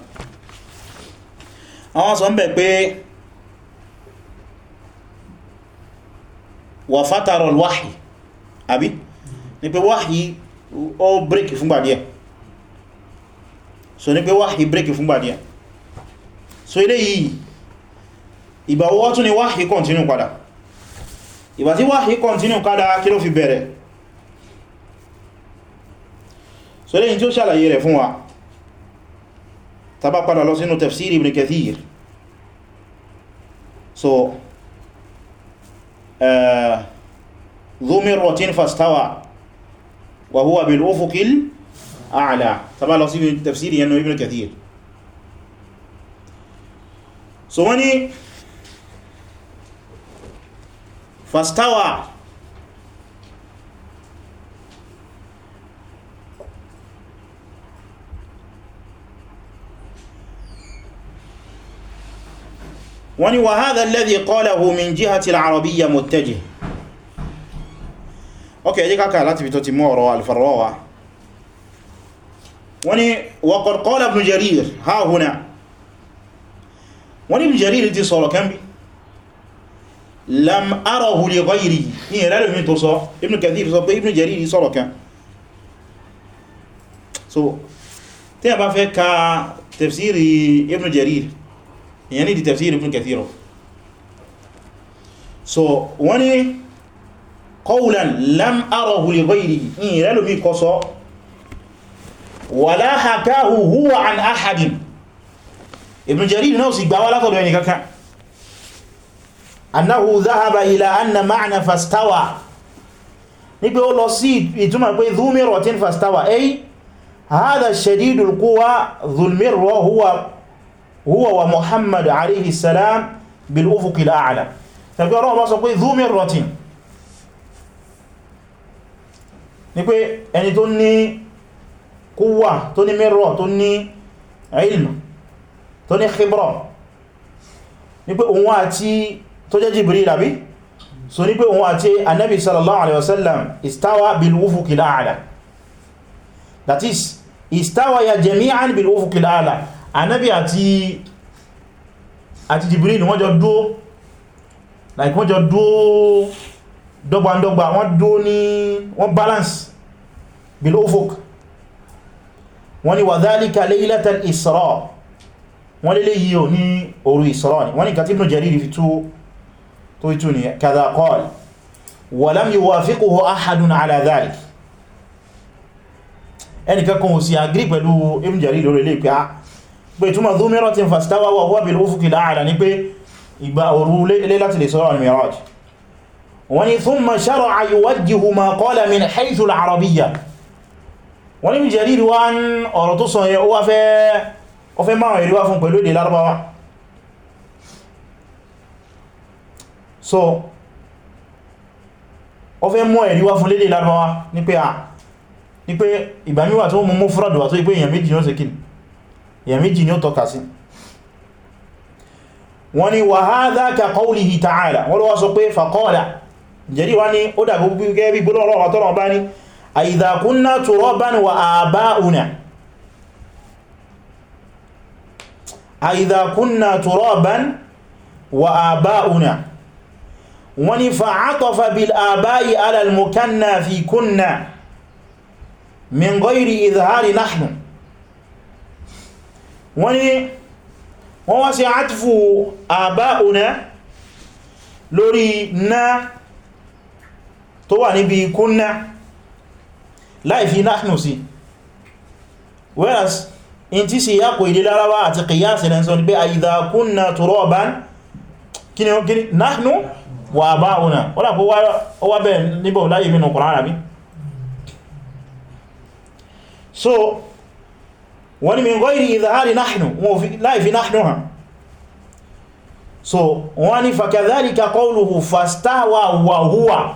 àwọn sọ ń bẹ̀ pé wà fátàrọ̀ wáhì àbí ní pé wáhì ó bríkì fún gbàdíẹ̀ so ní pé wáhì bríkì fún gbàdíẹ̀ so ilé yìí ìgbà wọ́n tún ni wáhì kọntínú padà ìgbà tí wáhì kọntínú padà kí ló fi bẹ̀rẹ̀ so lẹ́yìn tí ó ṣàlàyé rẹ̀ fún wa tàbá padà lọ sínú tafsir ibn kathir so zumiratin fastawa wa huwa bil ufuqil a'la tàbá lọ sínú tafsir yẹnu ibn kathir so wani fastawa wọ́n ni وَهَذَا الَّذِي قَالَهُ مِنْ جِهَةِ الْعَرَبِيَّ مُتَّجِهِ ok ẹjẹ́ káàkà láti fi tó ti mọ́ ọ̀rọ̀ alfarrawa wọ́n ni وَقَدْ قَالَ ابْنُ جَرِيرٍ هَا هُنَا wọ́n ni ibn Jarir ti sọ̀rọ̀ kan bí lam arahu li ghayri ní ìrẹ́lùmí tó sọ ibn Kathir sọ pé ibn Jarir sọ̀rọ̀ kan so tí a bá fẹ́ ka tafsiri ibn Jarir ìyẹn ní di tafsir Ibn Kathir so wọ́n ni qawlan lam arahu li ghayrihi ìyìn rẹ̀ lómi kọ sọ wala hakahu huwa an ahadin Ibn Jarir náà sì gbà wá látọ̀dọ̀ ẹni kankan annahu dhahaba ila anna ma'na fastawa ní pé ó lọ sí ìtumọ̀ pé dhumiratin fastawa ay hadha shadidul quwa dhulmirra huwa huwa wa muhammad alayhi salam bil ufuq al a'la tàbí ọlọ́wọ́ bá sọ pé dhu mirratin ní pé ẹni tó ní kúwà tó ní mirra tó ní ilm tó ní khibra ní pé òun àti tó jẹ́ Jibril àbí so ní pé òun àti anabi sallallahu alaihi wasallam istawa bil ufuq al a'la that is istawa ya jami'an bil ufuq al a'la anábì àti àti Jibril wọ́n jọ dúó like wọ́n jọ dúó dọ́gbandọ́gba wọ́n dúó ní wọ́n balance bil ufuq wọ́n ni wa dhalika laylatal Isra wọ́n lélé yíò ní òru Isra ni wọ́n ni kàtí Ibn Jarir fi tó tó ìtù ni kadha qala wa lam yuwafiquhu ahadun ala dhalik ẹnìkẹ́kùn ò sí agrí pẹ̀lú Ibn lórí ilé pẹ́ pé túnmà dúmíràn ti fàstáwà wà huwa bil ufuqil a'la ní pé ìgbà òru lé láti lè sọ́rọ̀ al-miraj wọ́n ni thumma shara'a yuwajjihu ma qala min haythu al wọ́n ni Jarir wá ń ọ̀rọ̀ tó sọ yẹ ó fẹ́ máa ìríwá fún pẹ̀lú èdè lárúbáwá so ó fẹ́ mọ́ ẹ̀rí wá fún lédè lárúbáwá ní pé ìgbàmíwà tó mú mú fúrọ̀dùwà tó ipé èèyàn méjì yóò ṣe kìí èyàn méjì ni ó tọ́ka sí wọ́n ni wa hadha ka qawlihi ta'ala wọ́n lọ́wọ́ sọ pé faqala jẹ́rí wá ní ó dàbí gẹ́gẹ́ bí gbọ́nà ọlọ́wọ́ tọ́rọ bá ní aidha min ghairi izhari nahnu wọ́n ni wọ́n wá sí àtìfù àbáòná lórí ná tó wà níbi kúnná láìfí náà sí whereas in ti se ya kò ìdí larawa àti kìyàsì rẹ̀ sọ ní pé àìdá kúnna turaban kí wọ́n ni min ghairi ìzàárì náhìnù láìfi náhìnù hàn so wọ́n ni fakadhalika qawluhu fastawa wa huwa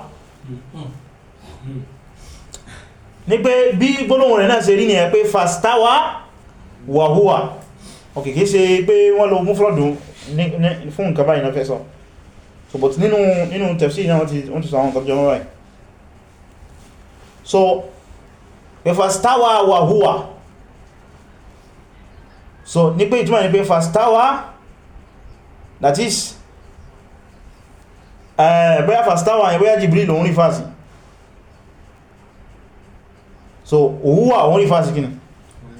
ní pé bí gbólóhùn rẹ̀ náà ṣe rí ní ẹ pé fastawa wa huwa ok pé wọ́n lo mú fúrọ̀dù fún nǹkan báyìí na fẹ́ so but nínú tafsir náà wọ́n ti sọ àwọn kọjọ so fastawa wa huwa so ní pé ìtumọ̀ ní pé fastawa that is eh, bóyá fastawa yẹn bóyá Jibril lòun rí fásí so òhúwà òun rí fásí kíni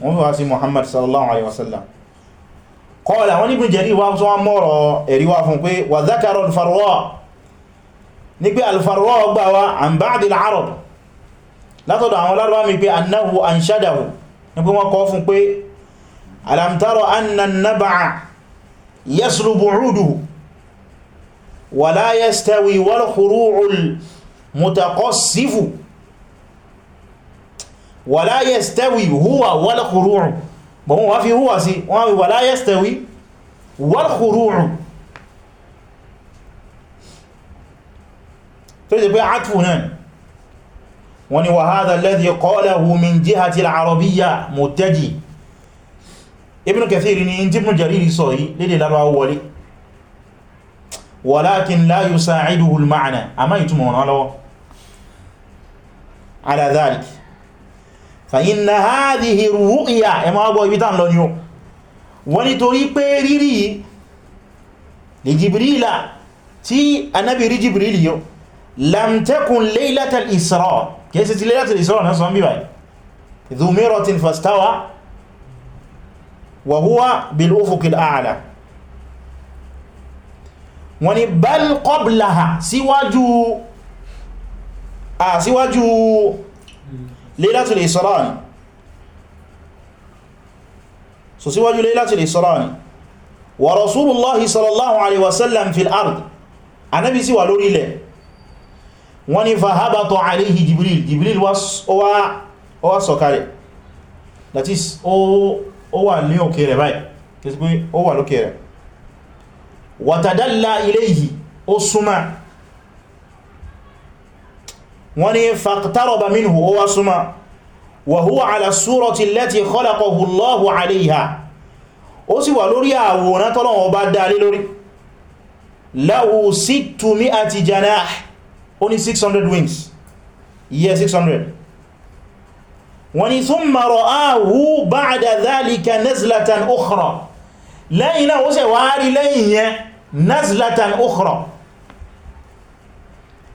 wọ́n fi wá sí Muhammad sallallahu alaihi wasallam kọ́ọ̀lá wọ́n níbi jẹ́rí wá tó wọ́n mọ́rọ̀ ẹ̀rí wá fún pé wà zákàrọ̀ alfarwa ní pé alfarwa gbà wá an ba'd al-arab látọ̀dọ̀ àwọn lárọ́wà mi pé annahu anshadahu ní pé wọ́n kọ́ fún pé alam tara anna an-nab'a yaslubu 'uduhu wa la yastawi wal khuru'ul mutaqassifu wa la yastawi huwa wal khuru'u bọ̀ wọ́n wá fi huwa sí wọ́n wí wa la yastawi wal khuru'u tó jẹ́ pé àtfù náà wọ́n ni wa hadha alladhi qalahu min jihati al mutaji Ibn Kathir ni Ibn Jarir sọ yìí lédè lábá wọlé walakin la yusa'iduhu al-ma'na a máa ìtumọ̀ wọn lọ́wọ́ ala dhalik fa inna hadhihi ar-ru'ya ẹ máa gbọ́ ibi tán lọ ni ó wọ́n ni torí pé rírí lè Jibrila tí anábi rí Jibrili yóò lam takun laylatal Isra kìí sí ti laylatal Isra náà sọ ń bí dhumiratin fastawa wa huwa bil ufuqil a'la wọ́n ni bal qablaha síwájú a síwájú Laylatul Isra ni so síwájú Laylatul Isra ni wa rasulullahi sallallahu alaihi wasallam fil ard anabi sì wà lórí ilẹ̀ wọ́n ni fahabata alaihi jibril jibril wá sọ̀kalẹ̀ that is oh, ó wà ní òkè rẹ̀ báyìí kìí sí pé ó wà lókè rẹ̀ wàtàdálà ilé yìí ó súnmà wọ́n ni faqtaraba minhu ó wá súnmà wa huwa ala surati allati khalaqahu Allahu alayha ó sì wà lórí àwòrán tọ́lọ́wọ́ bá dá lé lórí lahu sittu mi'ati janah ó ní 600 wings yẹ 600 wọ́n ni thumma ra'ahu ba'da dhalika nazlatan ukhra lẹ́yìn náà ó ṣe wá rí lẹ́yìn yẹn nazlatan ukhra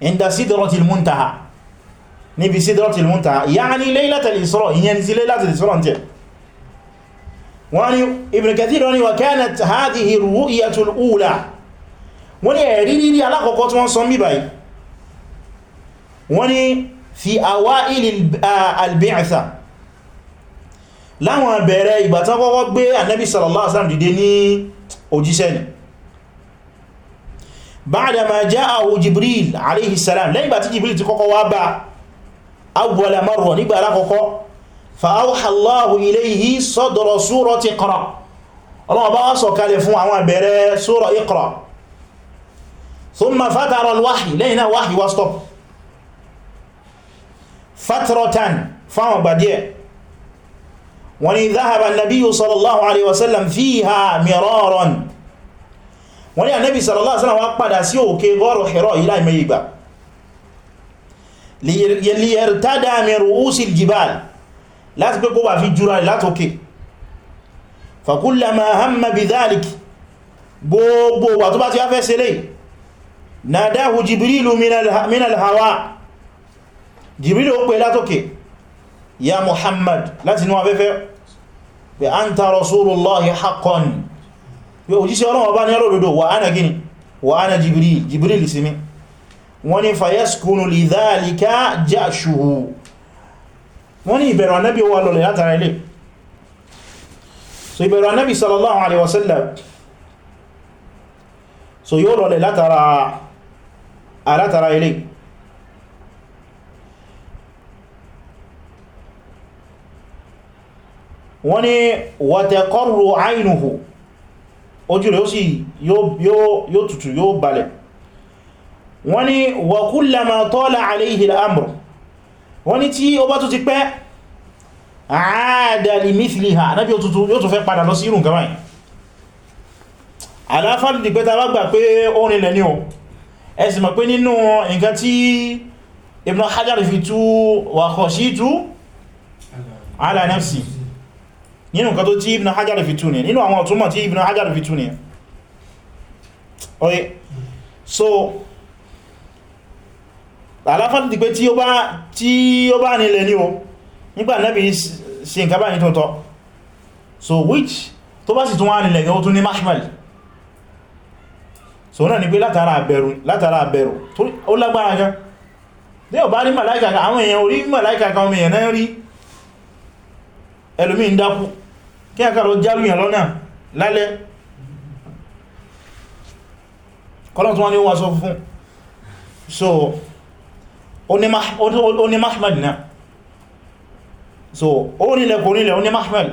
inda sidratil muntaha níbi sidratil muntaha ya'ni laylatal isra ìyẹn sí laylatal isra tí wọ́n ni ibn kathir wọ́n ni wa kanat hadhihi ru'yatul ula wọ́n ni ẹ̀rí rírí alákọ̀ọ́kọ́ tí wọ́n sọ mí báyìí wọ́n ni fi awaili al-bi'tha láwọn bẹ̀rẹ̀ ìgbà tán kọ́kọ́ gbé annabi sallallahu alaihi wasallam dìde ní òjíṣẹ́ ni ba'dama ja'ahu jibril alaihi salam lẹ́yìn bá tí jibril ti kọ́kọ́ wá bá awwala marra nígbà alákọ́kọ́ fa awha Allahu ilayhi sadra surati iqra Allah bá fatrotan fáwọn gbàdíẹ̀ wọ́n ni záhàbà nàbí sallallahu alaihi wasallam fiha miraran wọ́n ni ànábì sallallahu alaihi wasallam wá padà sí òkè gọ́rù Hira yìí láìmẹ́ ìgbà liyartada min ru'usil jibal láti pé kó wà fi jura látòkè fakullama hamma bidhalik gbogbo wà tó bá ti wá fẹ́ ṣẹlẹ̀ nadahu jibrilu minal hawa Jibril ó pè látòkè ya Muhammad láti inú afẹ́fẹ́ pé anta rasulullahi haqqan pé òjíṣẹ́ Ọlọ́run bá ní ọlọ́dọ̀dọ̀ wà ánà gini wà ánà Jibril Jibril sí mi wọ́n ni fayaskunu lidhalika ja'shuhu wọ́n ni ìbẹ̀rù anábi wà lọ́lẹ̀ látara ilé so ìbẹ̀rù anábi sallallahu alaihi wasallam látara ilé wọ́n ni wàtẹ̀kọ́rù àìnùhù ojú rẹ̀ ó sì yóò tutù yóò balẹ̀ wọ́n ni wa kullama tala alayhi al-amr wọ́n ni tí ó bá tó ti pẹ́ aada li mithliha náà bí ó tutù yóò tó fẹ́ padà lọ sí irun gama ala nafsi nínú nǹkan tó tí ibn hajar fi tún nínú àwọn ọ̀túnmọ̀ tí ibn hajar fi tún ní so aláfàtí ti pé tí ó bá nílẹ̀ ní o nígbà Nábì ṣe nǹkan báyìí tó tọ́ so which tó bá sì tún wá nílẹ̀ yóò tún ní mahmal so náà ni pé látara àbẹ̀rù ó lágbára gan ní ọ̀bá rí màláìkà àwọn èèyàn orí màláìkà kan ọmọ èèyàn náà rí ẹlòmí ń dákú kí àkàrò jálùyàn lọ́nà lálẹ́ kọ́lọ̀tí wọ́n ni ó sọ fún so ó ní mahmad náà so ó nílẹ̀ kò nílẹ̀ ó ní mahmad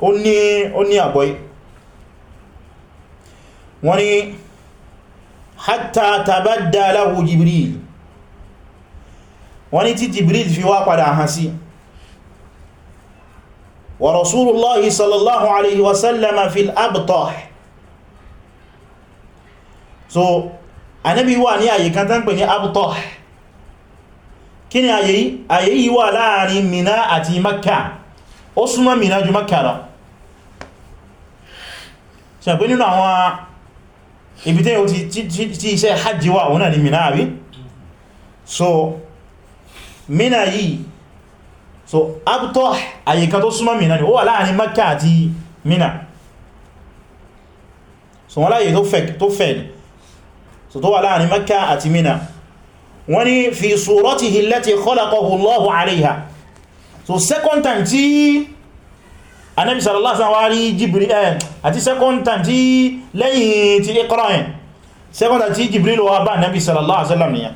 ó ní ó ní àbọ̀í wọ́n ni hatta tabadda lahu jibril wọ́n ni tí jibril fi wá padà hàn sí si. ورسول الله صلى الله عليه وسلم في الأبطح so Ànábì wà ní àyè kan tán pè ní Abtah kí ni àyè yìí àyè yìí wà láàrin Mina àti Makka ó súnmọ́ Mina ju Makka lọ ṣe pé nínú àwọn ibi tẹ́yẹ tí iṣẹ́ hajji wà òun náà ni Mina àbí so Mina yìí so abtọ́ àyíká tó súnmọ́ Mina ni ó wà láàrin Makka àti Mina so wọ́n láyé tó fẹ́ so tó wà láàrin Makka àti Mina wọ́n ni fi suratihi allati khalaqahu Allahu alayha so second time tí Ànábì sallallahu alaihi wasallam rí Jibril ẹ̀ eh, àti second time tí lẹ́yìn tí Iqra ẹ̀ second time tí Jibril lọ wá bá Ànábì sallallahu alaihi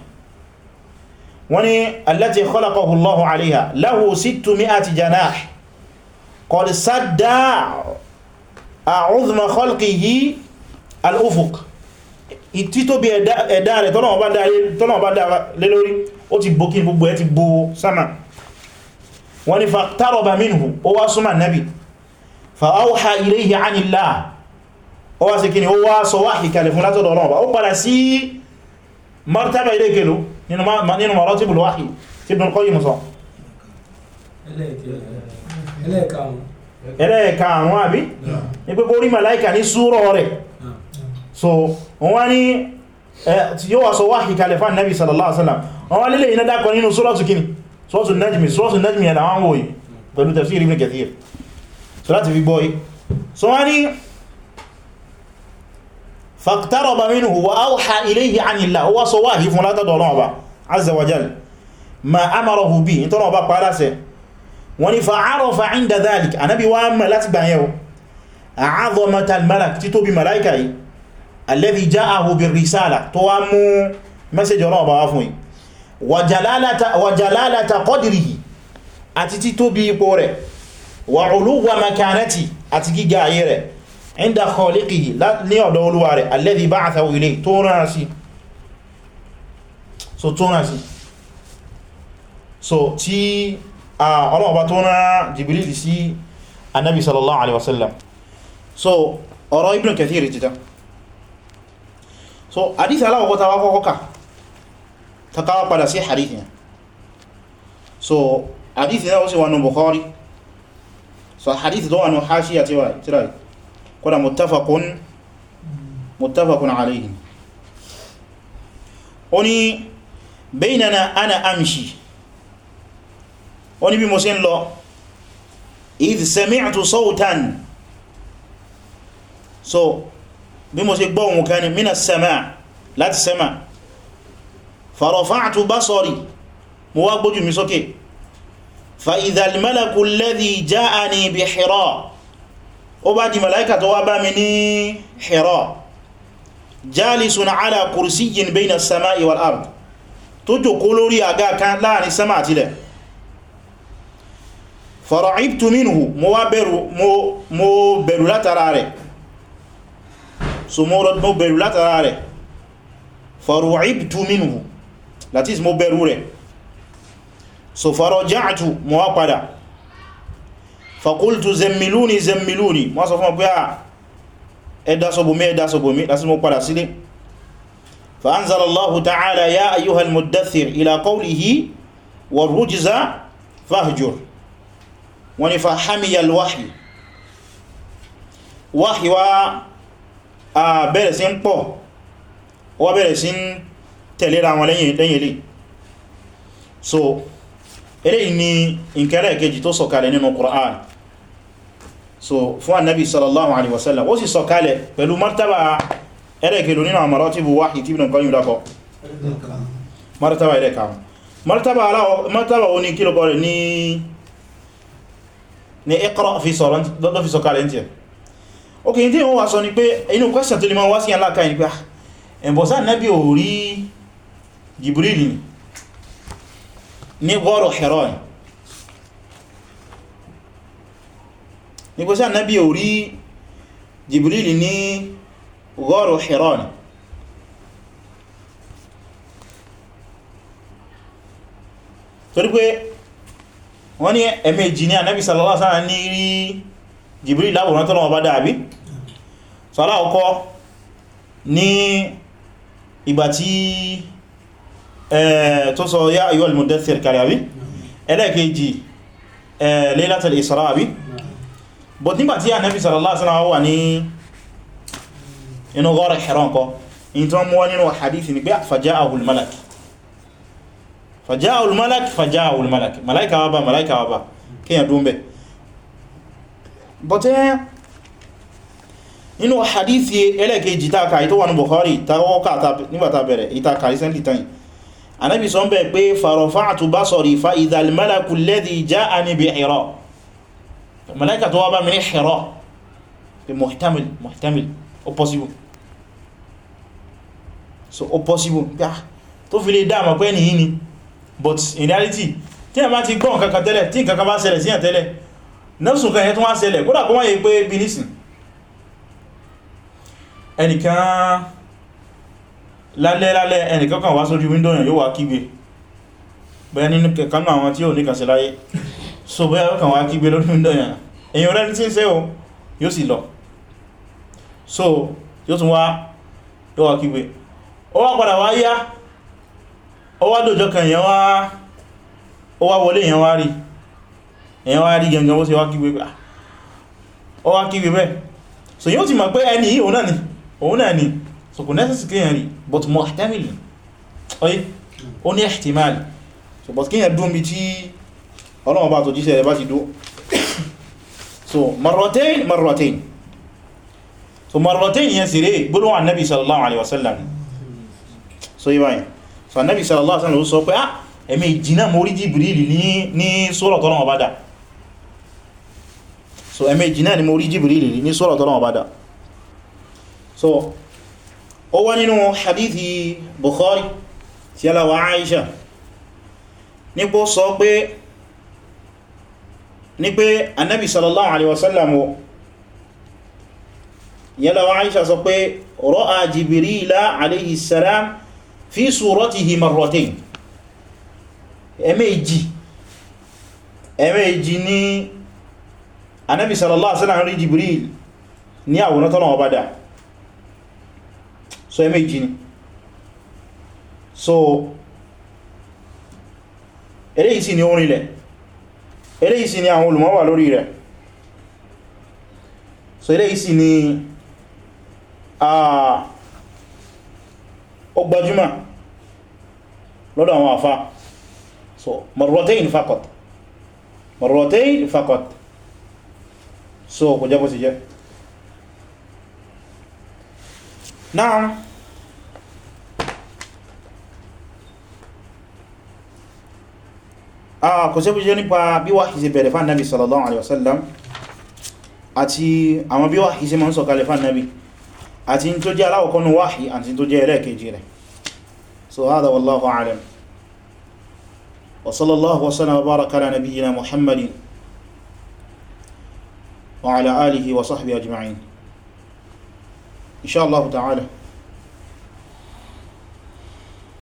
wọ́n ní allati khalaqahu Allahu 'alayha lahu sittu mi'ati janah qad sadda a'udhma khalqihi al-ufuq títóbi ẹ̀dá rẹ̀ tọ́nà bá dá lé lórí ó ti bó kí gbogbo ẹ ti bó sámà wọ́n ní faqtaraba minhu ó wá súnmà nábi fa awha ilayhi 'anillah ó wá sí kí ni ó wá sọ wáhì kalẹ̀ fún látọ̀dọ̀ ọlọ́ọ̀bá ó padà sí martaba ilé gẹ̀lú nínú maratibul wahyi tí Ibn Qayyim sọ ẹlẹ́ẹ̀ka àwọn àbí ní pé kó rí màláìkà ní súrọ̀ rẹ̀ so wọ́n ní yóò wá sọ wahyi kalẹ̀ fún Nabi sallallahu alaihi wasallam wọ́n lílẹ̀ iná dákọ̀ nínú suratu kini suratu najmi suratu najmi ẹ̀làwọn wòye pẹ̀lú tafsir Ibn Kathir so láti fi gbọ́ yìí so wọ́n faqtaraba minhu wa awha ilayhi anillah ó wá sọ wáhí fún látọ̀dọ̀ Ọlọ́run Ọba azza wa jal ma amarahu bi ìtọ́nà ọba pàdásẹ̀ wọ́n ni fa'arafa inda dhalik anábi wa mọ̀ láti gbàyẹ̀wò a'azamatal malak tí tóbi malaika yìí alladhi ja'ahu bir risala tó wá mú mẹ́sẹ̀jì Ọlọ́run Ọba wá fún yìí wa jalalata wa jalalata qadrihi àti tí tóbi ipò rẹ̀ wa uluwa makanati àti gíga ayé rẹ̀ inda khaliqihi ní ọ̀dọ̀ olúwa rẹ̀ alladhi ba'athahu ilayhi tó rán sí so tó rán sí so tí ọlọ́ọ̀bá tó rán Jibril sí annabi sallallahu alaihi wasallam so ọ̀rọ̀ Ibn Kathir títà so hadith aláwọ̀kọ́ ta wá kọ́kọ́ ká ta káwà padà sí hadith yẹn so hadith náà ó sì wà Bukhari so hadith tó wà nù tí wà kódà muttafaqun muttafaqun alayhi ó ní baynana ana amshi ó ní bí mo ṣe ń lọ idh sami'tu sawtan so bí mo ṣe gbọ́ ohùn kan ní minas sama láti sama farafa'tu basari mo wá gbójú mi sókè fa idhal malaku alladhi ja'ani bi hira ó bá di màláíkà tó wá bá mi ní Hira jalisun ala kursiyyin bayna as-sama'i wal ard tó jókòó lórí àga kan láàrin sama àti ilẹ̀ fara'ibtu minhu mo wá bẹ̀rù mo bẹ̀rù látara rẹ̀ so mo bẹ̀rù látara rẹ̀ fara'ibtu minhu that mo bẹ̀rù rẹ̀ so faraja'tu mo wá padà faqultu zemmiluni zemmiluni wọ́n sọ fún ọ pé à ah, ẹ̀dásọ̀bùmí ẹ̀dásọ̀bùmí lásìmọ̀ padà sílé فأنزل الله تعالى يا أيها المدثر إلى قوله والرجز فاهجر ونفحمي الوحي وحي و bẹ̀rẹ̀ sí ń pọ̀ wọ́n bẹ̀rẹ̀ sí ń tẹ̀lera wọn lẹ́yìn so eléyìí ni ìkẹrẹ kejì tó sọ̀kalẹ̀ nínú Qur'an so fún annabi sallallahu alaihi wasallam ó sì sọ kalẹ̀ pẹ̀lú martaba ẹrẹ́kẹ̀lú nínú àmàrátìbù wáhì tí ibn qayyim dákọ̀ martaba ẹrẹ́kà martaba o ní kílọ̀kọ́ rẹ̀ ní iqra fi sọ̀rọ̀ lọ́fí sọ kalẹ̀ tí ẹ̀ ok tí wọ́n wá sọ ni pé inú kwẹ́sàn tó lè máa wá sí aláka ní ah, ẹ̀bọ̀sá annabi ò rí jibril ní gbọ́rọ̀ Hira ní pẹ́sẹ̀ ànábì ò rí jìbìrìlì ní gọ́ọ̀rọ̀ Hira ni torí pé wọ́n ní ẹ̀mẹ́jì ní ànábì sallallahu alaihi wasallam ní rí jìbìrìlì láwòrán tó lọ́wọ́ bá dáàbí sọ́lá ọkọ́ ní ìgbà tí tó sọ yá ayyuhal mudaththir kàrí àbí ẹlẹ́ẹ̀kejì laylatul Isra àbí but nígbàtí Ànábì sallallahu alaihi wasallam wà ní inú Ghar al-Hira kọ́ in tó mọ́ nínú hadithi ni pé faja'ahu al-malak faja'ahu al-malak faja'ahu al-malak malaika wá bá malaika wá bá kíyàn dúnbẹ̀ but eh inú hadithi ẹlẹ́kejì tàkà ìtò wà ní Bukhari tàwọ́kà nígbàtà bẹ̀rẹ̀ ìtàkà recently time Ànábì sọ ń bẹ̀ pé farafa'tu basari fa idha al-malaku alladhi ja'ani bi'ira màláíkà tó wá bá mi ní Hira pé muhtamil muhtamil ó possible so ó possible pé ah tó fi lè dáàmà pé ẹni yìí ni but in reality tí a máa ti gbọ́n kankan tẹ́lẹ̀ tí nǹkankan bá ṣẹlẹ̀ síyàn tẹ́lẹ̀ nẹ́sùn kan yẹn tó wá ṣẹlẹ̀ kódà kó wáyé pé bí nísìn ẹnìkan lálẹ́ lálẹ́ ẹnìkan kan wá sórí wíńdò yàn yóò wá kígbe bẹ́ẹ̀ nínú kẹkanú àwọn tí ò ní kàṣẹ láyé so bóyá ọkàn wá kígbe lórí ìdọ̀yàn èyàn rẹ̀ tí ń ṣe o yóò sì lọ so yóò tún wá yóò wá kígbe ó wá padà wá yá ó wá dòjọ́ kan èyàn wá ó wá wọlé èyàn wá rí èyàn wá rí gẹngẹn bó ṣe wá kígbe bá ah, ó wá kígbe bẹ́ so yóò ti mọ̀ pé ẹni òun náà ni òun náà ni so kò nẹ́sẹ̀sì kéèyàn rí but muhtamil ọyí ó ní ihtimal so but kéèyàn dún bí tí ọlọ́wọ́ bá tó jíṣẹ́ rẹ̀ bá ti dó so marratain marratain so marratain yẹn sì rẹ̀ gbólóhùn annabi sallallahu alaihi wasallam so yí báyìí so annabi sallallahu alaihi wasallam sọ pé ah ẹ̀mí ìjìnà mórí jìbìrìlì ní sọ́rọ̀ tọ́lọ́wọ́ so ẹ̀mí ìjìnà ni mórí jìbìrìlì ní sọ́rọ̀ tọ́lọ́wọ́ bá so ó wá nínú hadithi Bukhari tí aláwọ̀ Aisha nípò sọ pé ní pé annabi sallallahu alaihi wasallam yẹ́lá wa aisha sọ pé ra'a jibirila alaihi salam fi suratihi marratayn ẹ̀mẹ́jì ẹ̀mẹ́jì ní annabi sallallahu alaihi wasallam rí jibril ní àwòrán tọ́lọ̀ ọbádá so ẹ̀mẹ́jì ni so eléyìí sí ni orin lẹ̀ eléyìí sì ni àwọn olùmọ̀ wà lórí rẹ̀ so eléyìí sì ni ó gbajúmọ̀ lọ́dọ̀ àwọn àfá so marratayn faqat marratayn faqat so kò jẹ́ bó sì jẹ́ náà Ah, kò sí ẹbùjẹ́ nípa bí wáhì ṣe bẹ̀rẹ̀ fún Ànábì sallallahu alaihi wasallam àti àwọn bí wáhì ṣe ma ń sọ̀kalẹ̀ fún Ànábì àti tó jẹ́ aláwọ̀kọ́nù wáhì àti tó jẹ́ ẹlẹ́ẹ̀kejì rẹ̀ so hada wallahu alam wa sallallahu wasallam wa baraka ala nabiyyina muhammadin wa ala alihi